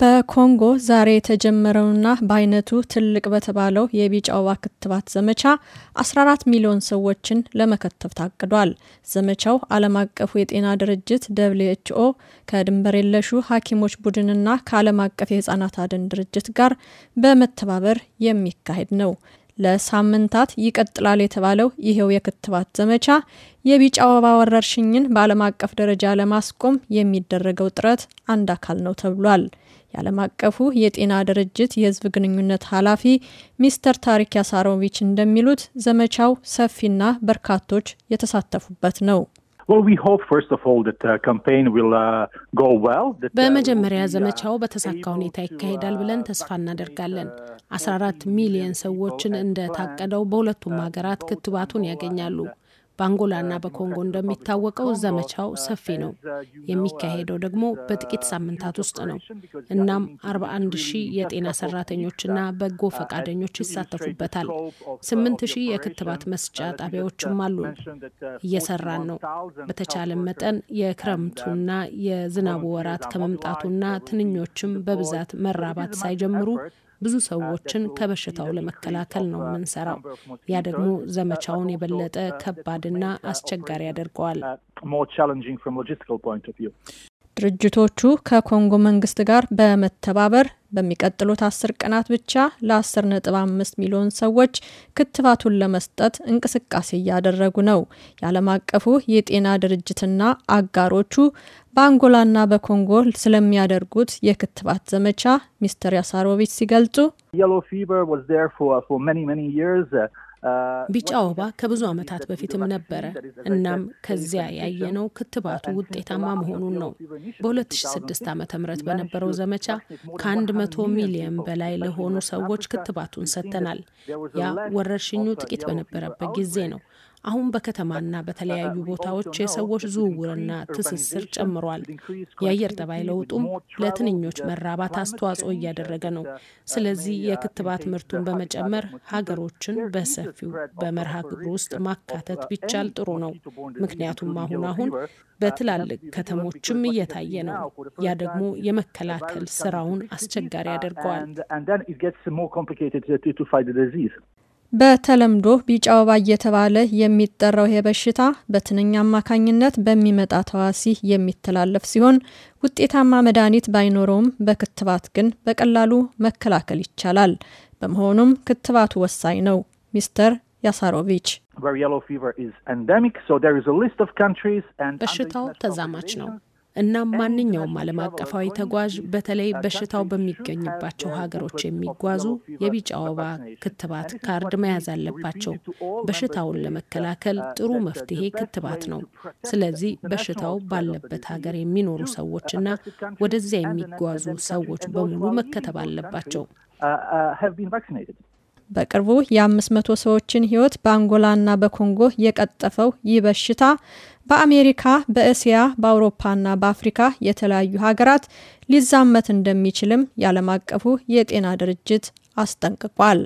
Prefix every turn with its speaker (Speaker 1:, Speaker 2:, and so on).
Speaker 1: በኮንጎ ዛሬ የተጀመረውና በአይነቱ ትልቅ በተባለው የቢጫ ወባ ክትባት ዘመቻ 14 ሚሊዮን ሰዎችን ለመከተብ ታቅዷል። ዘመቻው ዓለም አቀፉ የጤና ድርጅት ደብልዩ ኤች ኦ ከድንበር የለሹ ሐኪሞች ቡድንና ከዓለም አቀፍ የህፃናት አድን ድርጅት ጋር በመተባበር የሚካሄድ ነው። ለሳምንታት ይቀጥላል የተባለው ይሄው የክትባት ዘመቻ የቢጫ ወባ ወረርሽኝን በዓለም አቀፍ ደረጃ ለማስቆም የሚደረገው ጥረት አንድ አካል ነው ተብሏል። የዓለም አቀፉ የጤና ድርጅት የሕዝብ ግንኙነት ኃላፊ ሚስተር ታሪክ ያሳሮቪች እንደሚሉት ዘመቻው ሰፊና በርካቶች የተሳተፉበት ነው።
Speaker 2: በመጀመሪያ ዘመቻው በተሳካ ሁኔታ ይካሄዳል ብለን uh, ተስፋ እናደርጋለን። 14 uh, ሚሊየን ሰዎችን uh, እንደታቀደው በሁለቱም ሀገራት ክትባቱን ያገኛሉ። በአንጎላና uh, በኮንጎ እንደሚታወቀው ዘመቻው uh, ሰፊ ነው። uh, የሚካሄደው ደግሞ በጥቂት ሳምንታት ውስጥ ነው። እናም 41 ሺህ የጤና ሰራተኞችና በጎ ፈቃደኞች ይሳተፉበታል። 8 ሺህ የክትባት መስጫ ጣቢያዎችም አሉን። እየሰራን ነው። በተቻለ መጠን የክረምቱና የዝናቡ ወራት ከመምጣቱና ትንኞችም በብዛት መራባት ሳይጀምሩ ብዙ ሰዎችን ከበሽታው ለመከላከል ነው የምንሰራው። ያ ደግሞ ዘመቻውን የበለጠ ከባድና አስቸጋሪ ያደርገዋል።
Speaker 1: ድርጅቶቹ ከኮንጎ መንግስት ጋር በመተባበር በሚቀጥሉት አስር ቀናት ብቻ ለ10.5 ሚሊዮን ሰዎች ክትባቱን ለመስጠት እንቅስቃሴ እያደረጉ ነው። የዓለም አቀፉ የጤና ድርጅትና አጋሮቹ በአንጎላና በኮንጎ ስለሚያደርጉት
Speaker 2: የክትባት ዘመቻ ሚስተር ያሳሮቪች ሲገልጹ ቢጫ ወባ ከብዙ ዓመታት በፊትም ነበረ። እናም ከዚያ ያየነው ክትባቱ ውጤታማ መሆኑን ነው። በ2006 ዓ ም በነበረው ዘመቻ ከ100 ሚሊየን በላይ ለሆኑ ሰዎች ክትባቱን ሰጥተናል። ያ ወረርሽኙ ጥቂት በነበረበት ጊዜ ነው። አሁን በከተማና በተለያዩ ቦታዎች የሰዎች ዝውውርና ትስስር ጨምሯል። የአየር ጠባይ ለውጡም ለትንኞች መራባት አስተዋጽኦ እያደረገ ነው። ስለዚህ የክትባት ምርቱን በመጨመር ሀገሮችን በሰፊው በመርሃ ግብር ውስጥ ማካተት ቢቻል ጥሩ ነው። ምክንያቱም አሁን አሁን በትላልቅ ከተሞችም እየታየ ነው። ያ ደግሞ የመከላከል ስራውን አስቸጋሪ ያደርገዋል።
Speaker 1: በተለምዶ ቢጫ ወባ እየተባለ የሚጠራው ይሄ በሽታ በትንኝ አማካኝነት በሚመጣ ተዋሲ የሚተላለፍ ሲሆን ውጤታማ መድኃኒት ባይኖረውም በክትባት ግን በቀላሉ መከላከል ይቻላል። በመሆኑም ክትባቱ ወሳኝ
Speaker 2: ነው። ሚስተር ያሳሮቪች በሽታው ተዛማች ነው። እናም ማንኛውም ዓለም አቀፋዊ ተጓዥ በተለይ በሽታው በሚገኝባቸው ሀገሮች የሚጓዙ የቢጫ ወባ ክትባት ካርድ መያዝ አለባቸው። በሽታውን ለመከላከል uh, ጥሩ uh, መፍትሄ ክትባት ነው። ስለዚህ በሽታው ባለበት ሀገር የሚኖሩ uh, ሰዎችና ወደዚያ የሚጓዙ ሰዎች በሙሉ መከተብ አለባቸው። በቅርቡ
Speaker 1: የ500 ሰዎችን በአንጎላ በአንጎላና በኮንጎ የቀጠፈው ይህ በሽታ በአሜሪካ፣ በእስያ፣ በአውሮፓና በአፍሪካ የተለያዩ ሀገራት ሊዛመት እንደሚችልም ያለም አቀፉ የጤና ድርጅት አስጠንቅቋል።